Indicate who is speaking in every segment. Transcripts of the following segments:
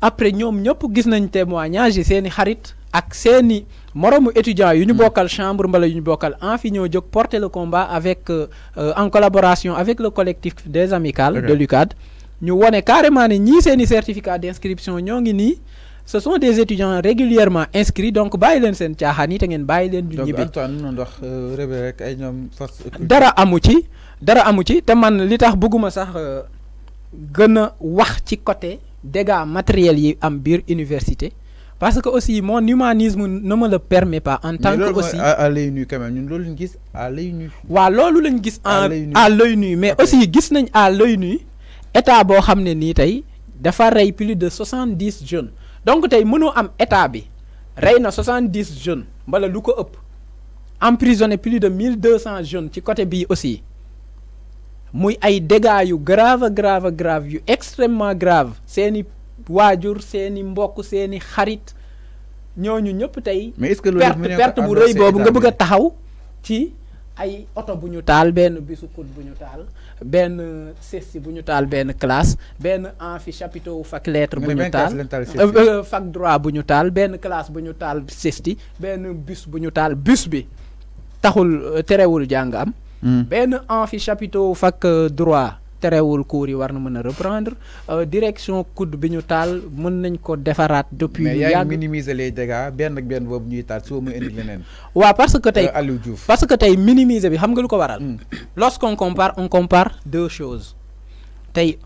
Speaker 1: après ñoom ñëpp gis nañ témoignage yi xarit ak seen i moromu étudiants yu ñu mm. bokkal chambre mbala yu ñu bokkal en fi ñoo jóg porter le combat avec euh, en collaboration avec le collectif des amicales de l'UCAD ñu wone carrément ne ñii certificat d' inscription ñoo ngi nii ce sont des étudiants régulièrement inscrits donc bàyyi leen seen caaxaan yi te ngeen bàyyi leen. ñu ñibbi euh, rek ay ñoom dara amu ci dara amu ci te man li tax bëgguma sax euh, gën a wax ci côté dégâts matériels yi am biir université parce que aussi mon humanisme ne me le permet pas en tant que aussi à l'œil nu quand même ñun loolu gis à l'œil nu waaw loolu à l'œil nu mais aussi gis nañ à l'œil nu état bo xamné ni tay tey dafa ray plus de 70 jeunes donc tay mëno am état bi ray na soixante jeunes mbala lu ko ëpp emprisonné plus de 1200 jeunes ci côté bien aussi muy ay dégâts yu grave grave grave yu extrêmement grave seeni waajur seeni mbokk seeni xarit ñooñu ñëpp tey. mais est-ce que perte perte bu rëy boobu nga bëgg a taxaw ci ay oto bu ñu taal benn bisu kut bu ñu taal benn sessi bu ñu taal benn classe benn amphi chapiteau fac lettre bu ñu taal euh, euh, fac droit bu ñu taal benn classe bu ñu taal sesti benn bus bu ñu taal bus bi taxul euh, terewul jàng am. Hmm. en fait chapiteau fac euh, droit war na reprendre euh, direction coude de tal mën depuis les dégâts ñuy parce que tu euh, parce que tu minimiser bi xam nga hmm. lorsqu'on compare on compare deux choses tu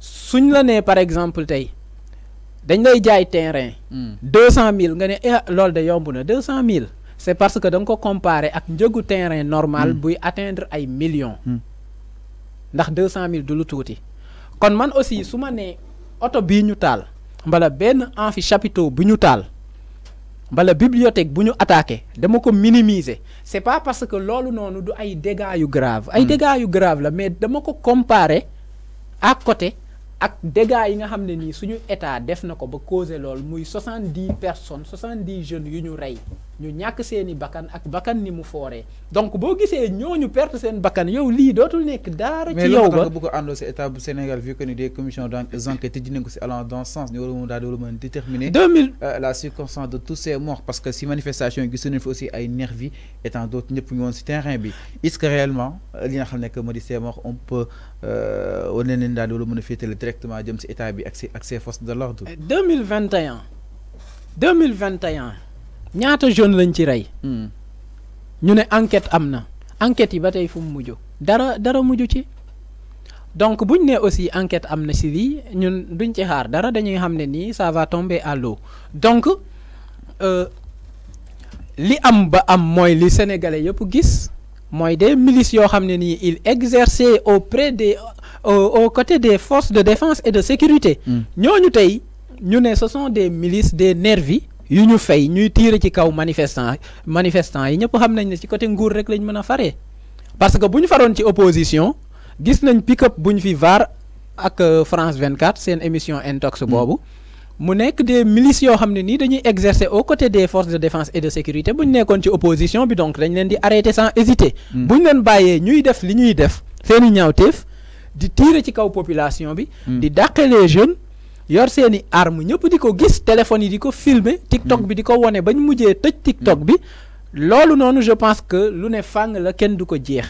Speaker 1: suñ la par exemple tu dañ lay jaay terrain. 200000 hmm. eh, de c'est parce que donc nga ko comparer ak njëgu terrain normal hmm. buy atteindre ay millions hmm. ndax deux cent mille du lu kon man aussi su ma nee oto bii ñu tal mbala ben anti-chapiteau bu ñu tal mbala bibliothèque bu ñu attaquer dama ko minimiser c'est pas parce que lolu nonu du ay dégâts yu grave ay hmm. dégâts yu grave la mais dama ko comparer à côté ak dégâts yi nga xamné ni suñu état def nako ba causer loolu muy soixante-dix personnes soixante-dix jeunes yu ñu ray ñu ñàkk seeni bakkan ak bakkan ni mu fooree donc boo gisee ñooñu perte seen bakkan yow lii dootul nekk daara. ci yow ba mais
Speaker 2: bu ko àndoo si état bu Sénégal vu que ni des commissions d'enquête tijji nañ ko si allant dans ce sens ñu war a mën daal di mën déterminer. 2000 euh, la circonstance de tous ces morts parce que si manifestation yi gis nañ fi aussi ay nervis et étant d'autres ñëpp ñu woon si terrain bi est ce que réellement euh, li nga xam ne que Modi di ces morts on peut euh, war nañ leen daal di mën a féetale directement jëm si état bi ak si ak ses forces de l'ordre.
Speaker 1: 2021 2021 ñaata jeune lañ ci ray hmm. ñu ne enquête am na enquête yi ba tey fu mu mujj dara dara mujj ci. donc buñ ne aussi enquête am na si lii ñun duñ ci xaar dara dañuy xam ne ça va tomber à l'eau donc euh, li am ba am mooy li sénégalais yëpp gis mooy des milices yoo xam ne nii il exerçait auprès des aux côtés des forces de défense et de sécurité hmm. ñooñu tey ñu ne ce sont des milices des nervis yu fay ñuy tiré ci kaw manifestant manifestant yi ñëpp xam nañ ne ci côté nguur rek lañ mën a faree parce que bu ñu faroon ci opposition gis nañ pick-up bu fi var ak euh, France 24 seen émission intox mm. boobu mu nekk des milices yoo xam ne nii dañuy exercer au côté des forces de défense et de sécurité buñ ñu nekkoon ci opposition bi donc dañ leen di arrêter sans hésiter mm. buñ leen bàyyee ñuy def li ñuy def seen i ñaawteef di tiré ci kaw population bi mm. di dàqe les jeunes yor seen i arme ñëpp di ko gis téléphone yi di ko filmer TikTok bi di ko wone bañ mujjee tëj TikTok bi loolu noonu je pense que lu ne fàng la kenn du ko jeex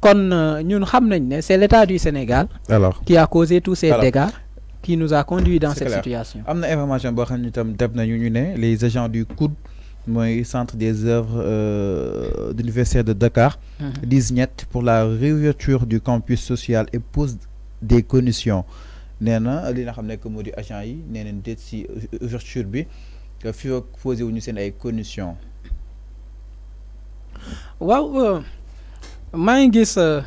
Speaker 1: kon euh, ñun xam nañ ne c'est l'état du Sénégal alors qui a causé tous ces dégâts qui nous a conduit dans cette situation
Speaker 2: am na information boo xam ne itam deb nañu ñu ne les agents du coup mooy centre des œuvres euh, de l'université de Dakar mhm. disent niet pour la réouverture du campus social et pose des conditions nee li nga xam nekk modi agent yi nee nañ ci si ouverture bi fi posé wuñu sen ay conditions.
Speaker 1: waaw euh, maa ngi gis euh,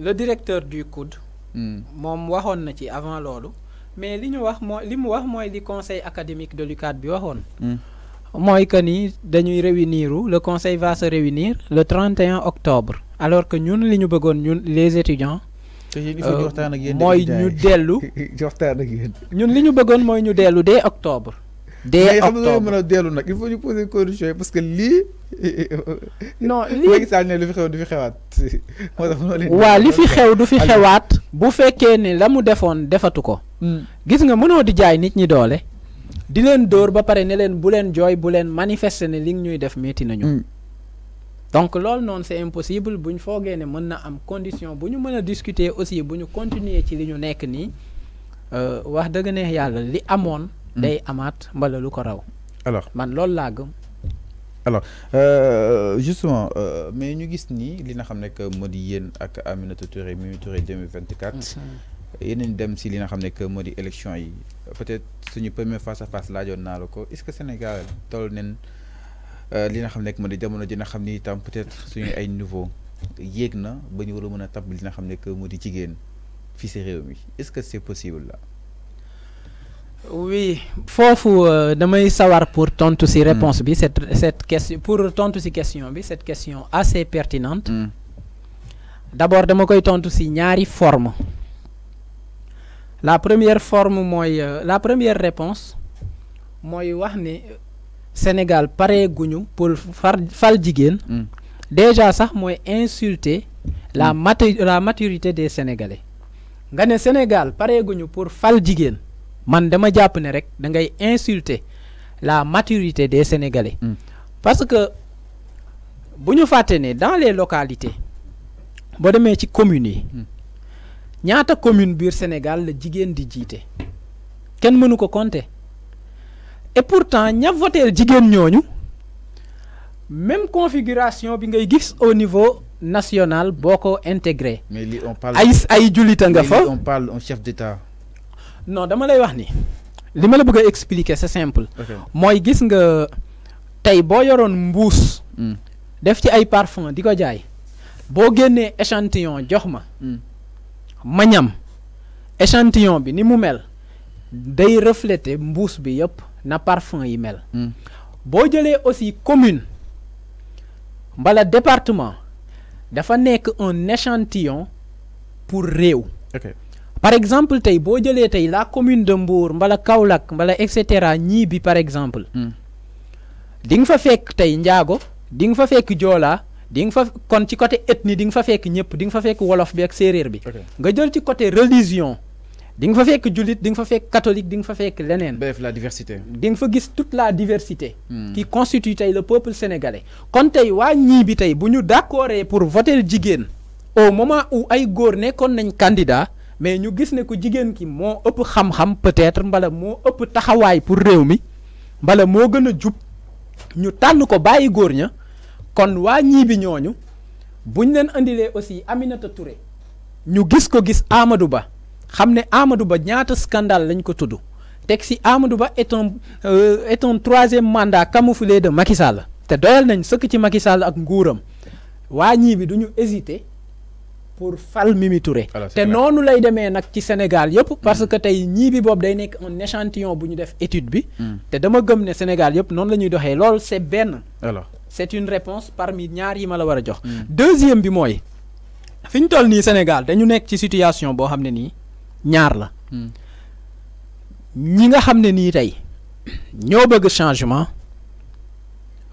Speaker 1: le directeur du COUD. mom hmm. waxon na ci avant lolu mais li ñu wax mo li mu wax moy li conseil académique de l'UCAD bi waxoon. moy hmm. que ni dañuy réunir le conseil va se réunir le 31 octobre. alors que ñun li ñu bëggoon ñun les étudiants.
Speaker 2: te euh, il faut ñu waxtaan ak yéen mooy ñu dellu. ñun li ñu bëggoon mooy ñu
Speaker 1: dellu dee octobre.
Speaker 2: dès octobre mais xam nga mën a dellu nag il faut ñu poser condition yi parce que lii. non lii léegi saa ne li fi xew du fi xewaat. waa li fi xew du fi xewaat.
Speaker 1: bu fekkee ne la mu defoon defatu ko. Hmm. gis nga mënoo di jaay nit ñi doole. di leen dóor ba pare ne leen bu leen jooy bu leen manifester ne li ñuy def metti nañu. Hmm. donc non c'est impossible si Foggé, condition discuter aussi si continuer ci euh, wax li hmm. day ko alors
Speaker 2: alors euh, justement euh, mais ñu gis ni li que Touré 2024. Mm-hmm. dem ci li que élection peut-être suñu premier face à face est-ce que Sénégal tol euh, li nga xam nekk moo di jamono ji nga xam ni itam peut-être suñu ay nouveau yéeg na ba ñu war a mën li nga xam ne que moo di jigéen fii si réew mi est-ce que c'est possible là.
Speaker 1: oui fofu euh, damay sawar pour tontu ci hmm. réponse bi cette cette question pour tontu ci question bi cette question assez pertinente. Hmm. d'abord dama koy tontu ci ñaari forme la première forme moy euh, la première réponse moy wax ni Sénégal paré guñu pour fal jigen hmm. déjà sax moy insulter hmm. la maturité des sénégalais ngane Sénégal paré guñu pour fal jigen man dama japp ne rek da ngay insulter la maturité des sénégalais. Hmm. parce que buñu faté dans les localités bo démé ci commune yi ñaata commune biir Sénégal Le jigen di jité ken mënu ko compter et pourtant avons voté pour ñooñu même configuration bi au niveau national beaucoup intégré. mais on parle ay on parle chef d'état non dama lay wax ni li ma bëgg expliquer c'est simple. moy gis nga un yoron hmm. def ci ay parfum diko jaay bo échantillon jox ma. Hmm. échantillon bi ni mu mel day na parfum email mel hmm. boo aussi commune le département dafa qu'un échantillon pour Réo. par exemple tay bo la commune de Mbour mbala Kaolack mbala et bi par exemple hmm. D'ing fa tu tay njaago d'ing fa fek jola ding fa kon ci côté ethnie d'ing fa fek ñep ding fa fek wolof bi ak bi jël côté religion Ding fa fek julit, ding fa fek catholique ding fa fek lenen. la diversité. Ding fa gis toute la diversité. Hmm. qui constitue le peuple sénégalais. kon tey waa ñii bi tey bu ñu d'accordé pour voter jigen, au moment où ay góor kon nañ candidat mais ñu gis ne ko jigen ki mo up xam-xam peut-être mbala mo up taxawaay pour reumi, mbala moo gën ñu ko bàyyi góor kon wa nyi bi buñ leen aussi Aminata Touré ñu gis ko gis Amadou Ba xamné Amadou Ba ñaata scandale lañ ko tuddu teg si Amadou Ba est un euh, est un troisième mandat camouflé de Macky Sall té doyal nañ sëkk ci Macky Sall ak nguuram waa ñii bi du hésiter pour fal Mimi Touré ah, te noonu lay démé nak ci Sénégal yëpp mm. parce que tay ñii bi boobu day nekk un échantillon bu ñu def étude bi mm. té dama gëm né Sénégal yëpp non lañuy doxé lool c'est benn c'est une réponse parmi ñaar yi mala wara war a jox mm. deuxième bi moy fiñ ñu toll nii Sénégal dañu nekk ci situation bo xamné ni ñaar la hmm. ñi nga xam ne nii tey ñoo bëgg changement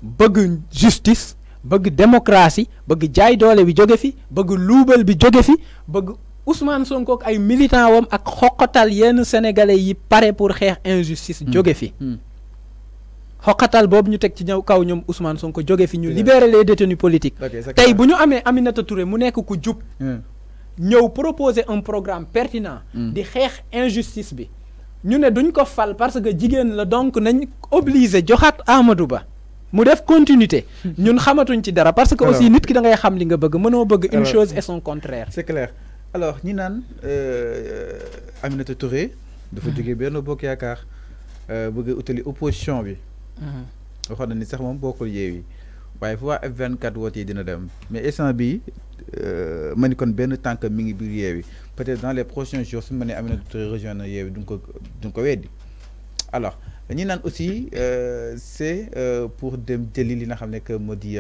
Speaker 1: bëgg justice bëgg démocratie bëgg jaay doole bi jóge fi bëgg luubal bi jóge fi bëgg Ousmane Sonko ak ay militant wam ak xoqatal yenn sénégalais yi pare pour xeex injustice hmm. jóge fi hmm. xoqatal boobu ñu teg ci ñëw kaw ñoom Ousmane Sonko jóge fi ñu libérer les détenus politiques tey bu ñu amee Aminata Touré mu nekk ku jub nous proposer un programme pertinent. Mm. di injustice bi. nous ne duñ ko parce que jigéen la donc nañ obligé joxaat Amadou Ba mu def continuité ñun xamatuñ ci dara parce que aussi nit ki da ngay xam li nga une chose et son contraire c'est clair
Speaker 2: alors ñi naan euh, Aminata Touré dafa mm. bokk bëgg opposition waaye fois F24 wootee dina dem mais instant bi euh, ma ni kon benn tànk mi ngi biir Yewwi peut-être dans les prochains jours su ma nee Aminata Touré rejoindre Yewwi duñ ko duñ ko weddi alors ñi naan aussi euh, c'est euh, pour dem jëli li nga xam ne que moo di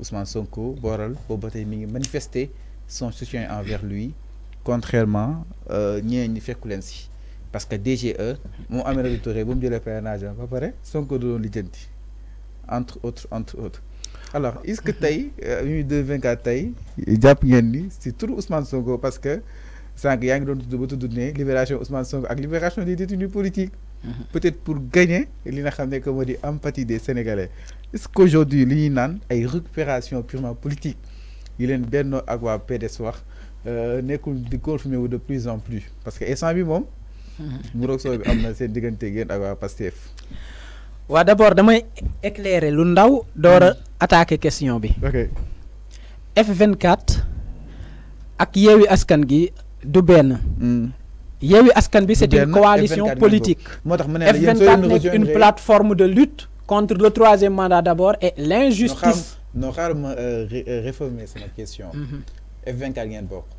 Speaker 2: Ousmane Sonko booral boobu ba tey mi ngi manifester son soutien envers lui contrairement ñee ñi fekku leen si parce que DGE moom Aminata Touré bu mu jëlee parrainage ba pare Sonko du doon lijjanti entre autres entre autres alors est-ce que tey euh, de 2024 tey jàpp ngeen ni c'est tout Ousmane Sonko parce que sans que ngi doon de ba tudd libération Ousmane Sonko avec libération des détenus politiques mm-hmm. peut-être pour gagner il y a comme que dit empathie des Sénégalais est-ce qu'aujourd'hui li y a une récupération purement politique Il y a Benno belle waa PDS wax euh, nekkul di confirmer mais de plus en plus parce que instant bi moom mm-hmm. mu roog soo bi
Speaker 1: am na seen diggante Pastef D'abord, je vais damay éclairer lu ndaw door a mm-hmm. attaquer question F24 ak yewi Askan gi du mm. est une coalition politique. F24 est une plateforme de lutte contre le troisième mandat d'abord et l'injustice. injustice.
Speaker 2: non xaaral ma euh, euh, réformer sama question. Mm-hmm. F24 ngeen bokk.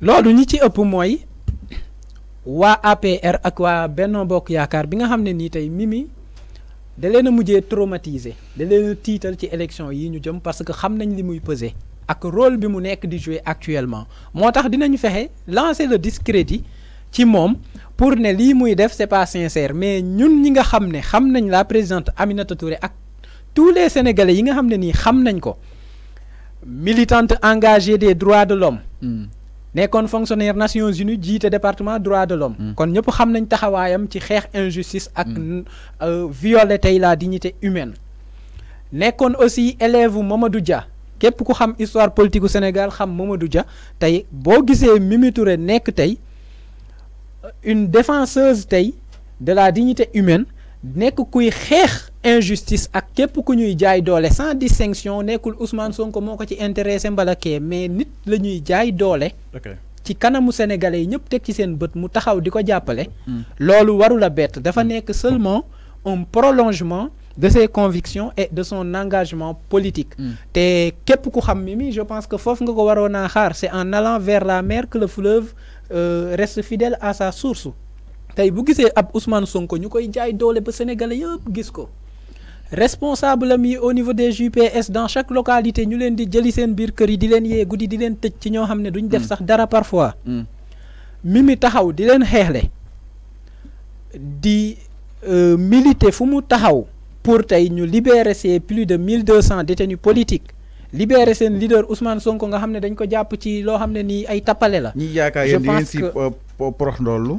Speaker 1: loolu ñi ci ëpp mooy wa APR ak wa Benno Bokk Yaakaar bi nga xam ne nii tey Mimi da leen a mujjee traumatisé da leen a tiital ci élection yi ñu jëm parce que xam nañ li muy peser ak rôle bi mu nekk di jouer actuellement moo tax dinañ fexe lancer le discrédit ci moom pour ne lii muy def c'est pas sincère mais ñun ñi nga xam ne xam nañ la présidente Aminata Touré ak tous les sénégalais yi nga xam ne nii ko militante engagée des droits de l'homme hmm fonctionnaires fonctionnaire Nations Unies le département droits de l'homme hmm. kon ñëpp xam nañ taxawaayam ci xeex injustice ak hmm. euh, violer la dignité humaine nekkoon aussi élève Mamadou Dia képp ku xam histoire politique au Sénégal xam Mamadou Dia tey Mimi euh, une défenseuse de la dignité humaine nek kuy xeex injustice ak képp ku ñuy jaay doole sans distinction nekkul Ousmane Sonko moo ko ci intéressé mbala kee mais nit la ñuy jaay doole. ci kanamu sénégalais yi ñëpp teg ci seen bët mu taxaw di ko jàppale. Hmm. loolu warul a bett dafa hmm. nekk seulement un prolongement de ses convictions et de son engagement politique. Hmm. te képp ku xam Mimi je pense que foofu nga ko waroon xaar c'est en allant vers la mer que le fleuve euh, reste fidèle à sa source tay bu gisee ab Ousmane Sonko ñukoy jaay doole ba sénégalais yépp gis ko responsable am au niveau des JPS dans chaque localité ñu leen di jëli seen biir kër yi di leen yé gudi di leen tecc ci ñoo xamné duñ def mm. sax dara parfois. Mm. Mimi taxaw di leen xeexle di euh, militer fu mu taxaw pour tay ñu libérer ces plus de 1200 détenus politiques. libérer sen leader Ousmane Sonko nga xam dañ ko japp ci lo xam ni ay tapalé la. ñi yaakaar yéen di ngeen si
Speaker 2: porox ndoolu